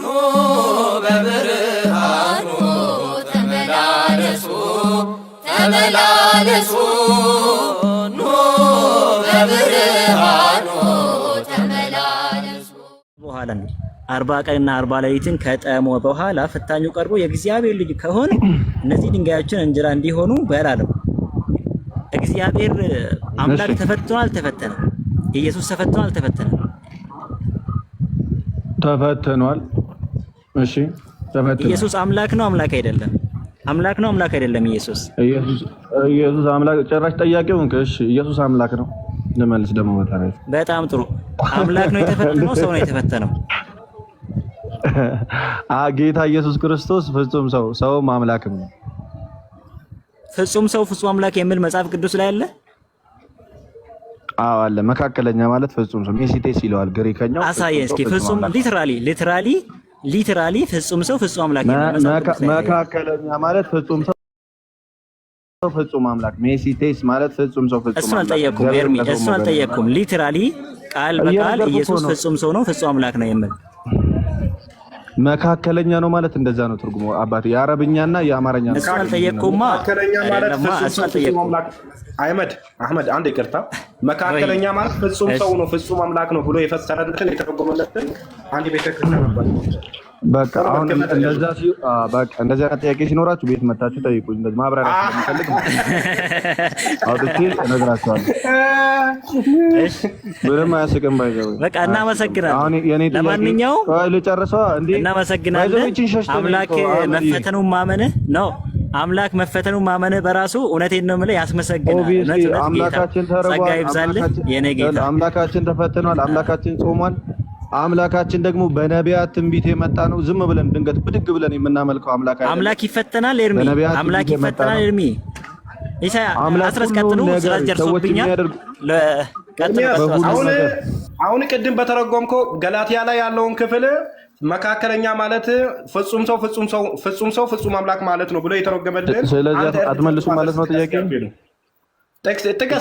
ኑ በብርሃኑ ተመላለሱ ተመላለሱ ኑ በብርሃኑ ተመላለሱ በኋላ አርባ ቀንና አርባ ሌሊትን ከጠሞ በኋላ ፈታኙ ቀርቦ የእግዚአብሔር ልጅ ከሆነ እነዚህ ድንጋዮችን እንጀራ እንዲሆኑ በል አለው። እግዚአብሔር አምላክ ተፈትኖ አልተፈተነም። ኢየሱስ ተፈትኖ አልተፈተነም። ተፈትኗል። እሺ ኢየሱስ አምላክ ነው አምላክ አይደለም? አምላክ ነው አምላክ አይደለም? ኢየሱስ ኢየሱስ አምላክ ጭራሽ ጠያቂው እንከ እሺ፣ ኢየሱስ አምላክ ነው ልመልስ ደግሞ መጣሪያ። በጣም ጥሩ አምላክ ነው የተፈተነው? ሰው ነው የተፈተነው? ጌታ ኢየሱስ ክርስቶስ ፍጹም ሰው ሰውም አምላክም ነው። ፍጹም ሰው ፍጹም አምላክ የሚል መጽሐፍ ቅዱስ ላይ አለ? አዎ አለ። መካከለኛ ማለት ፍጹም ሰው ሜሲቴስ ይለዋል ግሪከኛው። አሳየን እስኪ ፍጹም ሊትራሊ ሊትራሊ ሊትራሊ ፍጹም ሰው ፍጹም አምላክ መካከለኛ ማለት ፍጹም ሰው ፍጹም አምላክ ሜሲ ቴስ ማለት ፍጹም ሰው ፍጹም እሱን አልጠየኩም። ኤርሚ እሱን አልጠየኩም። ሊትራሊ ቃል በቃል ኢየሱስ ፍጹም ሰው ነው ፍጹም አምላክ ነው የምል መካከለኛ ነው ማለት እንደዛ ነው ትርጉሙ። አባቴ የአረብኛና የአማርኛ ነው። እሱን አልጠየቅኩማ። መካከለኛ ማለት ፍጹም አምላክ። አህመድ አህመድ አንድ ይቅርታ መካከለኛ ማለት ፍጹም ሰው ነው፣ ፍጹም አምላክ ነው ብሎ የፈሰረለትን የተረጎመለትን አንድ ቤተክርስቲያን ነበር። በቃ አሁን እንደዛ ሲ በቃ እንደዛ አይነት ጥያቄ ሲኖራችሁ ቤት መታችሁ ጠይቁ። እንደዚህ ማብራሪያ ስለምፈልግ አውጥቼ እነግራችኋለሁ። ምንም አያስቅም። ባይዘው በቃ እናመሰግናለን። አሁን የኔ ለማንኛውም ልጨርሰዋ እንዴ። እናመሰግናለን። አምላክ መፈተኑን ማመንህ ነው። አምላክ መፈተኑ ማመነ በራሱ እውነቴን ነው የምልህ፣ ያስመሰግናል። አምላካችን ተርቧል፣ አምላካችን ተፈትኗል፣ አምላካችን ጾሟል። አምላካችን ደግሞ በነቢያት ትንቢት የመጣ ነው። ዝም ብለን ድንገት ብድግ ብለን የምናመልከው አምላክ አምላክ ይፈተናል። ኤርሚ አምላክ ይፈተናል። ኤርሚ አስረስ አሁን ቅድም በተረጎምከው ገላትያ ላይ ያለውን ክፍል መካከለኛ ማለት ፍጹም ሰው ፍጹም ሰው ፍጹም ሰው ፍጹም አምላክ ማለት ነው ብሎ የተረጎመልን። ስለዚህ አትመልሱ ማለት ነው። ጥያቄ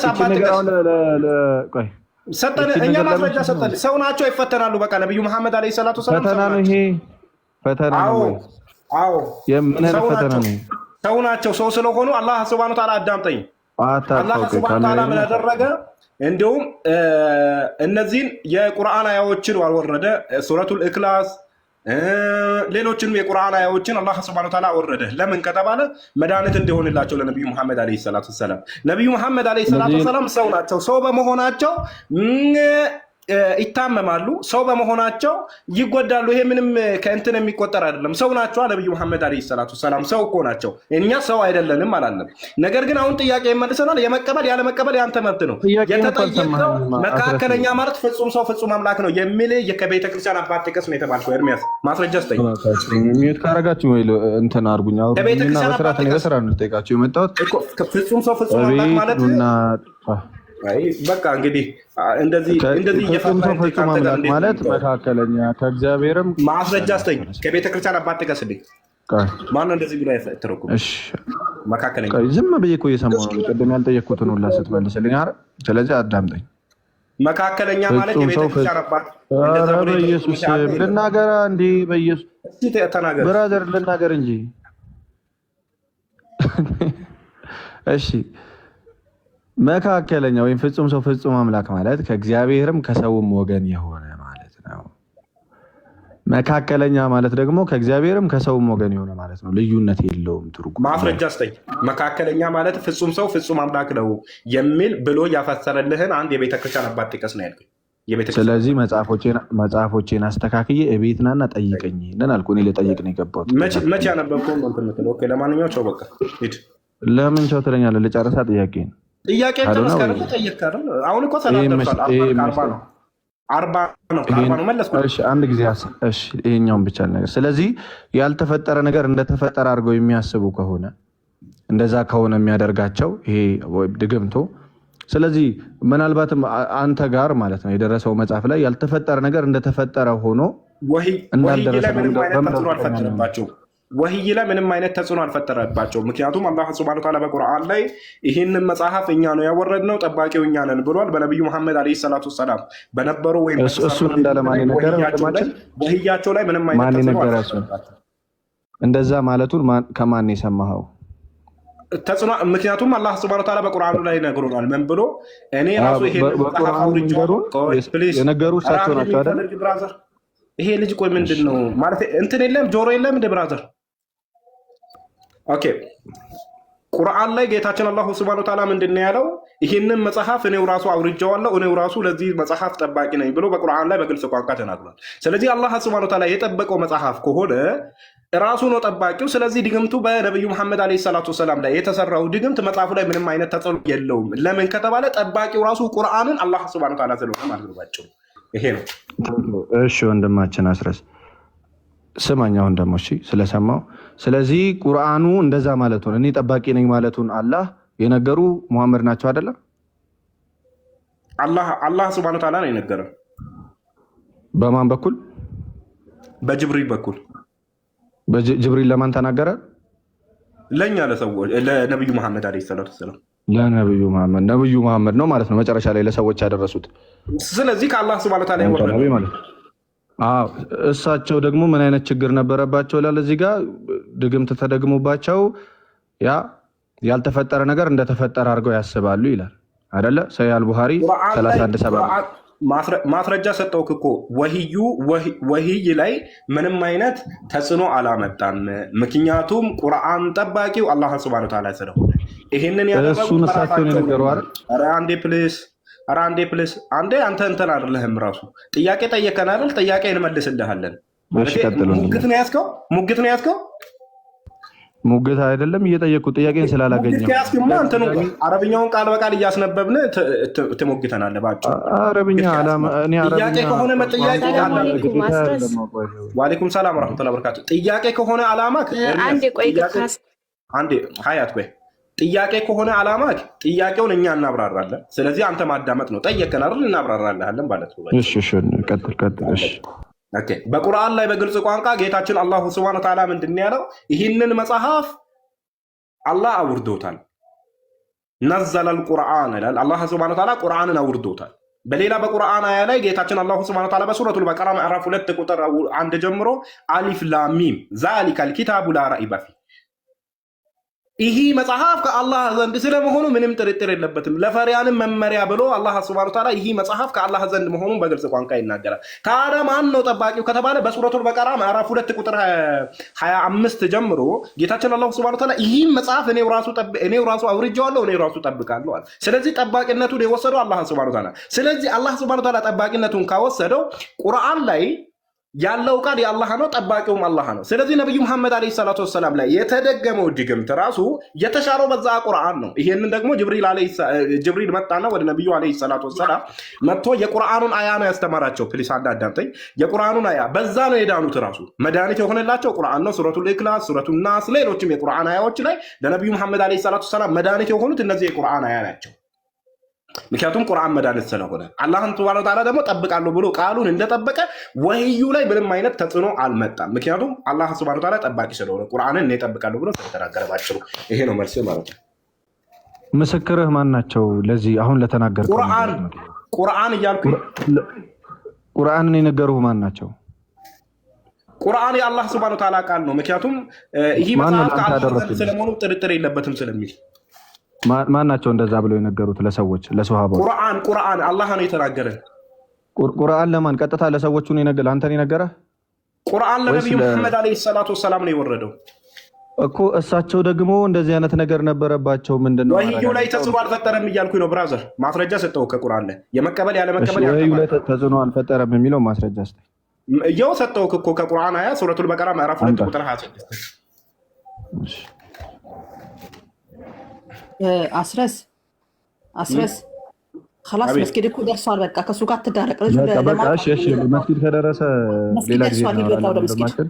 ሰጠን፣ እኛ ማስረጃ ሰጠን። ሰው ናቸው ይፈተናሉ። በቃ ነብዩ መሐመድ አለይሂ ሰላቱ ሰላም ፈተና ነው ይሄ። ፈተና ነው። አዎ የምን ፈተና ነው? ሰው ናቸው። ሰው ስለሆኑ አላህ ሱብሃነሁ ወተዓላ አዳምጠኝ። አላህ ሱብሃነሁ ወተዓላ ምን አደረገ? እንዲሁም እነዚህን የቁርአን አያዎችን አልወረደ ሱረቱል ኢክላስ ሌሎችንም የቁርአን አያዎችን አላህ ስብሐነ ወተዓላ አወረደ። ለምን ከተባለ መድኃኒት እንዲሆንላቸው ለነቢዩ መሐመድ ዓለይሂ ሰላቱ ወሰላም። ነቢዩ መሐመድ ዓለይሂ ሰላቱ ወሰላም ሰው ናቸው። ሰው በመሆናቸው ይታመማሉ። ሰው በመሆናቸው ይጎዳሉ። ይሄ ምንም ከእንትን የሚቆጠር አይደለም። ሰው ናቸው። ነብዩ መሐመድ ዓለይሂ ሰላቱ ሰላም ሰው እኮ ናቸው። እኛ ሰው አይደለንም አላለም። ነገር ግን አሁን ጥያቄ ይመልሰናል። የመቀበል ያለመቀበል ያንተ መብት ነው። የተጠየቀው መካከለኛ ማለት ፍጹም ሰው ፍጹም አምላክ ነው የሚል ከቤተ ክርስቲያን አባት ጥቀስ ነው የተባልከው። ኤርሚያስ ማስረጃ ስጠኝ። ካረጋችሁ ወይ እንትን አርጉኛ። ቤተክርስቲያን ስራ ነው ጥቀስ ነው የመጣሁት። ፍጹም ሰው ፍጹም አምላክ ማለት በቃ እንግዲህ እንደዚህ እንደዚህ ማለት መካከለኛ ከእግዚአብሔርም ማስረጃ አስተኝ ከቤተ ክርስቲያን አባት ጥቀስልኝ። ማነው እንደዚህ ብሎ ያተረጉም? መካከለኛ ዝም ብዬ እኮ እየሰማሁ ነው። ቅድም ያልጠየቅኩትን ሁላ ስትመልስልኝ፣ ኧረ ስለዚህ አዳምጠኝ። መካከለኛ ማለት የቤተ አባት በኢየሱስ ልናገራ እንዲ በኢየሱስ ብራዘር ልናገር እንጂ እሺ መካከለኛ ወይም ፍጹም ሰው ፍጹም አምላክ ማለት ከእግዚአብሔርም ከሰውም ወገን የሆነ ማለት ነው። መካከለኛ ማለት ደግሞ ከእግዚአብሔርም ከሰውም ወገን የሆነ ማለት ነው። ልዩነት የለውም ትርጉም። ማስረጃ ስጠኝ። መካከለኛ ማለት ፍጹም ሰው ፍጹም አምላክ ነው የሚል ብሎ ያፈሰረልህን አንድ የቤተክርስቲያን አባት ጥቀስ ነው ያልኩኝ። ስለዚህ መጽሐፎቼን አስተካክዬ እቤት ናና ጠይቀኝ። ይህንን አልኩ። እኔ ልጠይቅ ነው የገባሁት። መቼ ያነበብከው? ለማንኛውም ቻው በቃ። ለምን ቻው ትለኛለህ? ልጨርሳ ጥያቄ ነው ጥያቄ ተመስከረ ጠየቅ አሁን እኮ ተናደርሷል። ነው ከአርባ ነው መለስኩት። ይሄኛውን ብቻ ነገር። ስለዚህ ያልተፈጠረ ነገር እንደተፈጠረ አድርገው የሚያስቡ ከሆነ እንደዛ ከሆነ የሚያደርጋቸው ይሄ ድግምቶ። ስለዚህ ምናልባትም አንተ ጋር ማለት ነው የደረሰው መጽሐፍ ላይ ያልተፈጠረ ነገር እንደተፈጠረ ሆኖ እንዳልደረሰ ወህይ ላይ ምንም አይነት ተጽዕኖ አልፈጠረባቸው። ምክንያቱም አላህ ሱብሃነሁ ወተዓላ በቁርአን ላይ ይህንን መጽሐፍ እኛ ነው ያወረድነው ጠባቂው እኛ ነን ብሏል። በነቢዩ መሐመድ ዓለይሂ ሰላቱ ሰላም በነበረው ወይም ወህያቸው ላይ ምንም አይነት ተጽዕኖ አልፈጠረባቸው። እንደዛ ማለቱን ከማን የሰማኸው? ተጽዕኖ ምክንያቱም አላህ ሱብሃነሁ ወተዓላ በቁርአኑ ላይ ነግሮናል። ምን ብሎ እኔ ራሱ ይሄ ይሄ ልጅ ቆይ ምንድን ነው ማለት እንትን የለም ጆሮ የለም እንደ ብራዘር ኦኬ ቁርአን ላይ ጌታችን አላሁ ስብሃነ ወተዓላ ምንድን ነው ያለው? ይህንን መጽሐፍ እኔው ራሱ አውርጀዋለሁ እኔው ራሱ ለዚህ መጽሐፍ ጠባቂ ነኝ ብሎ በቁርአን ላይ በግልጽ ቋንቋ ተናግሯል። ስለዚህ አላህ ስብሃነ ወተዓላ የጠበቀው መጽሐፍ ከሆነ ራሱ ነው ጠባቂው። ስለዚህ ድግምቱ በነቢዩ መሐመድ ዓለይሂ ሰላቱ ወሰላም ላይ የተሰራው ድግምት መጽሐፉ ላይ ምንም አይነት ተጽዕኖ የለውም። ለምን ከተባለ ጠባቂው ራሱ ቁርአንን አላህ ስብሃነ ወተዓላ ስለሆነ ማለት ነው። ይሄ ነው። እሺ ወንድማችን አስረስ ስማኛውን ደሞ ስለሰማው ስለዚህ ቁርአኑ እንደዛ ማለቱን እኔ ጠባቂ ነኝ ማለቱን አላህ የነገሩ መሐመድ ናቸው አይደለም? አላህ አላህ ሱብሃነሁ ነው የነገረ። በማን በኩል? በጅብሪል በኩል። ጅብሪል ለማን ተናገረ? ለእኛ ለሰዎች ለነብዩ መሐመድ አለ ሰላቱ ሰላም ለነብዩ መሐመድ ነብዩ መሐመድ ነው ማለት ነው መጨረሻ ላይ ለሰዎች ያደረሱት። ስለዚህ ከአላህ ሱብሃነሁ ወተዓላ ይወርዳል ማለት ነው እሳቸው ደግሞ ምን አይነት ችግር ነበረባቸው ይላል እዚህ ጋር ድግምት ተደግሞባቸው ያ ያልተፈጠረ ነገር እንደተፈጠረ አድርገው ያስባሉ ይላል አይደለ ሰያል አልቡኻሪ ማስረጃ ሰጠው እኮ ወህዩ ወህይ ላይ ምንም አይነት ተጽዕኖ አላመጣም ምክንያቱም ቁርአን ጠባቂው አላ ስብሃነ ተዓላ ስለሆነ ይህንን ያደረጉ እሱን እሳቸውን የነገሩ አይደል አንዴ ፕሌስ ኧረ አንዴ ፕሌስ አንዴ አንተ እንትን አይደለህም። ራሱ ጥያቄ ጠየቀን አይደል? ጥያቄ እንመልስልሃለን። ሙግት ነው ያዝከው፣ ሙግት ነው ያዝከው። ሙግት አይደለም እየጠየቅኩ ጥያቄን ስላላገኘሁ አረብኛውን ቃል በቃል እያስነበብን ትሞግተናለህ። እባክህ ጥያቄ ከሆነ መጠያቄ ዋሌኩም ሰላም ረመቱላ በርካቱ ጥያቄ ከሆነ አላማ አንዴ ሀያት ቆይ ጥያቄ ከሆነ አላማ ጥያቄውን እኛ እናብራራለን። ስለዚህ አንተ ማዳመጥ ነው። ጠየቀን አይደል? እናብራራለን ማለት ነው። በቁርአን ላይ በግልጽ ቋንቋ ጌታችን አላሁ ስብሃነ ወተዓላ ምንድን ያለው? ይህንን መጽሐፍ አላህ አውርዶታል። ነዘለል ቁርአን ይላል። አላህ ስብሃነ ወተዓላ ቁርአንን አውርዶታል። በሌላ በቁርአን አያ ላይ ጌታችን አላሁ ስብሃነ ወተዓላ በሱረቱል በቀራ ምዕራፍ ሁለት ቁጥር አንድ ጀምሮ አሊፍ ላሚም ዛሊከል ኪታቡ ላ ረይበ ፊህ ይህ መጽሐፍ ከአላህ ዘንድ ስለመሆኑ ምንም ጥርጥር የለበትም። ለፈሪያንም መመሪያ ብሎ አላህ ስብሐነሁ ወተዓላ ይህ መጽሐፍ ከአላህ ዘንድ መሆኑን በግልጽ ቋንቋ ይናገራል። ታዲያ ማን ነው ጠባቂው ከተባለ በሱረቱል በቀራ ምዕራፍ ሁለት ቁጥር ሀያ አምስት ጀምሮ ጌታችን አላህ ስብሐነሁ ወተዓላ ይህም መጽሐፍ እኔው ራሱ አውርጄዋለሁ፣ እኔው ራሱ ጠብቃለሁ አለ። ስለዚህ ጠባቂነቱን የወሰደው አላህ ስብሐነሁ ወተዓላ። ስለዚህ አላህ ስብሐነሁ ወተዓላ ጠባቂነቱን ካወሰደው ቁርአን ላይ ያለው ቃል የአላህ ነው፣ ጠባቂውም አላህ ነው። ስለዚህ ነቢዩ መሐመድ ዓለይሂ ሰላቱ ወሰላም ላይ የተደገመው ድግምት ራሱ የተሻረው በዛ ቁርአን ነው። ይሄንን ደግሞ ጅብሪል መጣና ወደ ነቢዩ ዓለይሂ ሰላቱ ወሰላም መጥቶ የቁርአኑን አያ ነው ያስተማራቸው። ፕሊስ አንድ አዳምጠኝ። የቁርአኑን አያ በዛ ነው የዳኑት። ራሱ መድኃኒት የሆነላቸው ቁርአን ነው። ሱረቱል ኢክላስ፣ ሱረቱ ናስ፣ ሌሎችም የቁርአን አያዎች ላይ ለነቢዩ መሐመድ ዓለይሂ ሰላቱ ወሰላም መድኃኒት የሆኑት እነዚህ የቁርአን አያ ናቸው። ምክንያቱም ቁርአን መድኃኒት ስለሆነ አላህን ስብሐነ ወተዓላ ደግሞ ጠብቃለሁ ብሎ ቃሉን እንደጠበቀ ወህዩ ላይ ምንም አይነት ተጽዕኖ አልመጣም። ምክንያቱም አላህ ስብሐነ ወተዓላ ጠባቂ ስለሆነ ቁርአንን እኔ እጠብቃለሁ ብሎ ስለተናገረ ባጭሩ ይሄ ነው መልስ ማለት ነው። ምስክርህ ማን ናቸው? ለዚህ አሁን ለተናገር ቁርአን ቁርአን እያልኩ ቁርአንን የነገሩህ ማን ናቸው? ቁርአን የአላህ ስብሐነ ወተዓላ ቃል ነው። ምክንያቱም ይህ መጽሐፍ ከአላህ ስለመሆኑ ጥርጥር የለበትም ስለሚል ማን ናቸው እንደዛ ብለው የነገሩት ለሰዎች ለሰሃቦች? ቁርአን ቁርአን አላህ ነው የተናገረ ቁርአን ለማን ቀጥታ ለሰዎቹ አንተን የነገረ ቁርአን ለነቢዩ መሐመድ ዓለይሂ ሰላቱ ወሰላም ነው የወረደው እኮ። እሳቸው ደግሞ እንደዚህ አይነት ነገር ነበረባቸው። ምንድን ነው ወህዩ ላይ ተጽዕኖ አልፈጠረም እያልኩ ነው ብራዘር። ማስረጃ ሰጠው ከቁርአን ላይ የመቀበል ያለ ወህዩ ላይ ተጽዕኖ አልፈጠረም የሚለው ማስረጃ ስጠ እየው ሰጠው እኮ ከቁርአን አያ ሱረቱል በቀራ ምዕራፍ ሁለት ቁጥር ሀያ ስድስት አስረስ አስረስ ላስ መስጊድ እኮ ደርሷል። በቃ ከሱ ጋር ትዳረቅ። መስጊድ ከደረሰ ሌላ ጊዜ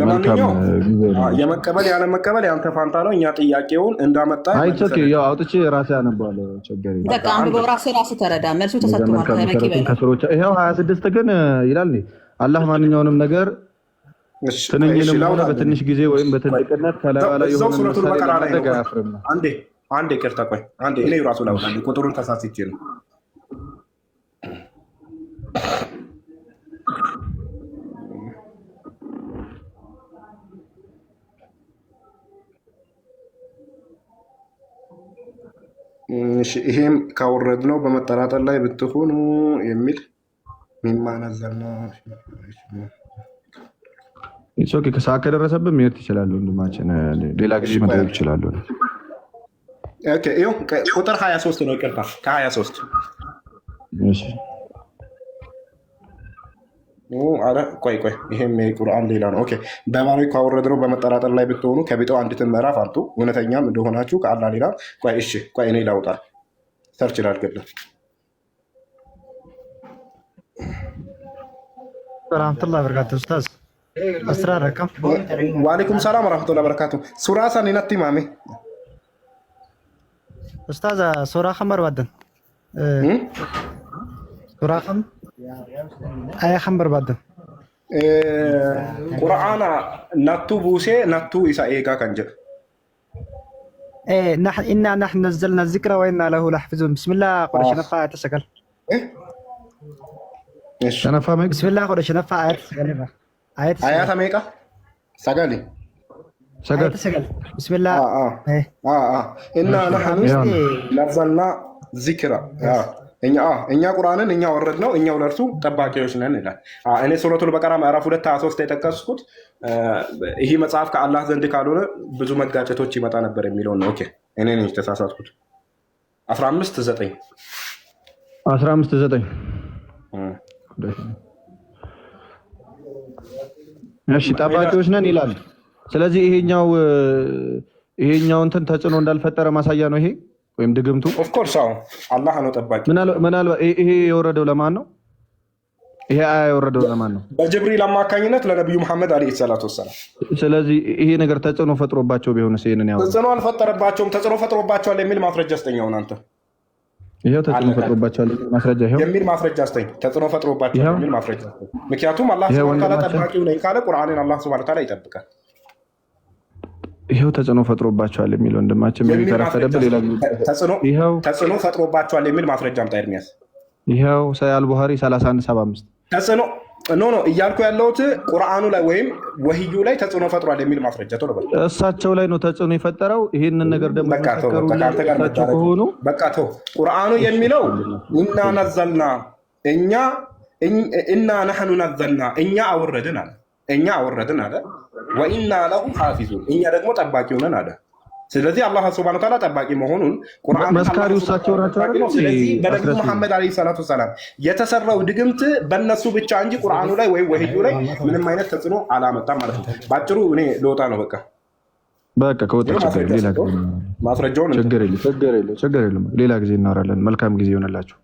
ለማንኛውም የመቀበል ያለመቀበል ያንተ ፋንታ ነው። እኛ ጥያቄውን እንዳመጣ አውጥቼ ራሴ አነባለሁ። ችግር የለም ራሴ ራሴ ተረዳ። መልሱ ተሰጥቷል። ይኸው ሀያ ስድስት ግን ይላል አላህ ማንኛውንም ነገር ትንኝንም በትንሽ ጊዜ ወይም በትልቅነት አንዴ ቅርታ ቆይ፣ አንዴ እኔ ራሱ ቁጥሩን ተሳስቼ ነው። ይሄም ካወረድ ነው በመጠራጠር ላይ ብትሆኑ የሚል ሚማነዘር ነው። ሰዓ ከደረሰብን መሄድ ይችላሉ። ወንድማችን። ሌላ ጊዜ መጠየቅ ይችላሉ። ቁጥር ሀያ ሶስት ነው። ይቅርታ ከ23 ቆይ ቆይ፣ ይሄም ቁርአን ሌላ ነው። በማኖ ካወረድ ነው በመጠራጠር ላይ ብትሆኑ ከቢጠው አንዲትን ምዕራፍ አምጡ እውነተኛም እንደሆናችሁ ከአላ ሌላ። ቆይ እሺ፣ ቆይ እኔ ላውጣ ሰርች ላድርግልህ። ረመቱላ በርካታ ኡስታዝ أسرار كم وعليكم السلام ورحمة الله وبركاته سورة سنة تمامي أستاذ سورة خمر بدن أه، سورة خم اي خمر بدن أه، قرآن نتو بوسي نتو إسا إيقا كنجر إيه نحن إنا نحن نزلنا الذكر وإنا له لحفظون بسم الله قرش آه. نفع تسكل إيه أنا فاهمك بسم الله قرش نفع تسكل አያት አሜሪካ ሰገሌ ሰገሌ ሰገሌ ብስሚላ እና ለርሰልና ዚክራ እኛ ቁርአንን እኛ ወረድ ነው እኛው ለእርሱ ጠባቂዎች ነን ይላል። እኔ ሱረቱል በቀራ ምዕራፍ ሁለት ሀያ ሶስት የጠቀስኩት ይህ መጽሐፍ ከአላህ ዘንድ ካልሆነ ብዙ መጋጨቶች ይመጣ ነበር የሚለው ነው። ኦኬ እኔ ነኝ የተሳሳትኩት። አስራ አምስት ዘጠኝ አስራ አምስት ዘጠኝ እሺ ጠባቂዎች ነን ይላል። ስለዚህ ይሄኛው ይሄኛው እንትን ተጽዕኖ እንዳልፈጠረ ማሳያ ነው ይሄ ወይም ድግምቱ። ኦፍኮርስ አዎ፣ አላህ ነው ጠባቂ። ምናልባት ይሄ የወረደው ለማን ነው? ይሄ አያ የወረደው ለማን ነው? በጅብሪል አማካኝነት ለነቢዩ መሐመድ ዓለይሂ ሰላቱ ወሰላም። ስለዚህ ይሄ ነገር ተጽዕኖ ፈጥሮባቸው ቢሆንስ? ይሄንን ያው ተጽዕኖ አልፈጠረባቸውም። ተጽዕኖ ፈጥሮባቸዋል የሚል ማስረጃ ስጠኛውን አንተ ይሄው ተጽዕኖ ፈጥሮባቸዋል ማስረጃ ይሄው የሚል ማስረጃ አስተኝ ተጽዕኖ ፈጥሮባቸዋል የሚል ማስረጃ። አስተኝ ምክንያቱም አላህ ስብሐ ተዓላ ጠባቂው ነኝ ካለ ቁርአንን አላህ ስብሐ ተዓላ ይጠብቃል። ይኸው ተጽዕኖ ፈጥሮባቸዋል የሚል ወንድማችን የሚተረፈደብህ ሌላ ተጽዕኖ ፈጥሮባቸዋል የሚል ማስረጃ ምጣ ኤርሚያስ። ይኸው ሰሂህ ቡሃሪ 3175 ተጽዕኖ ኖ ኖ እያልኩ ያለሁት ቁርአኑ ላይ ወይም ወህዩ ላይ ተጽዕኖ ፈጥሯል የሚል ማስረጃ ነው። እሳቸው ላይ ነው ተጽዕኖ የፈጠረው። ይህንን ነገር ደግሞ በቃ ተው። ቁርአኑ የሚለው እና ነዘልና እኛ እና ነሐኑ ነዘልና እኛ አወረድን አለ እኛ አወረድን አለ። ወኢና ለሁ ሓፊዙን እኛ ደግሞ ጠባቂ ሆነን አለ ስለዚህ አላህ ስብሃነ ተዓላ ጠባቂ መሆኑን ቁርአን መስካሪ ውሳቸው ናቸው። ስለዚህ በነቢዩ መሐመድ ዓለይሂ ሰላቱ ሰላም የተሰራው ድግምት በእነሱ ብቻ እንጂ ቁርአኑ ላይ ወይም ወህዩ ላይ ምንም አይነት ተጽዕኖ አላመጣም ማለት ነው። ባጭሩ እኔ ልወጣ ነው። በቃ በቃ ከወጣ ችግር የለም፣ ሌላ ጊዜ እናወራለን። መልካም ጊዜ ይሆንላችሁ።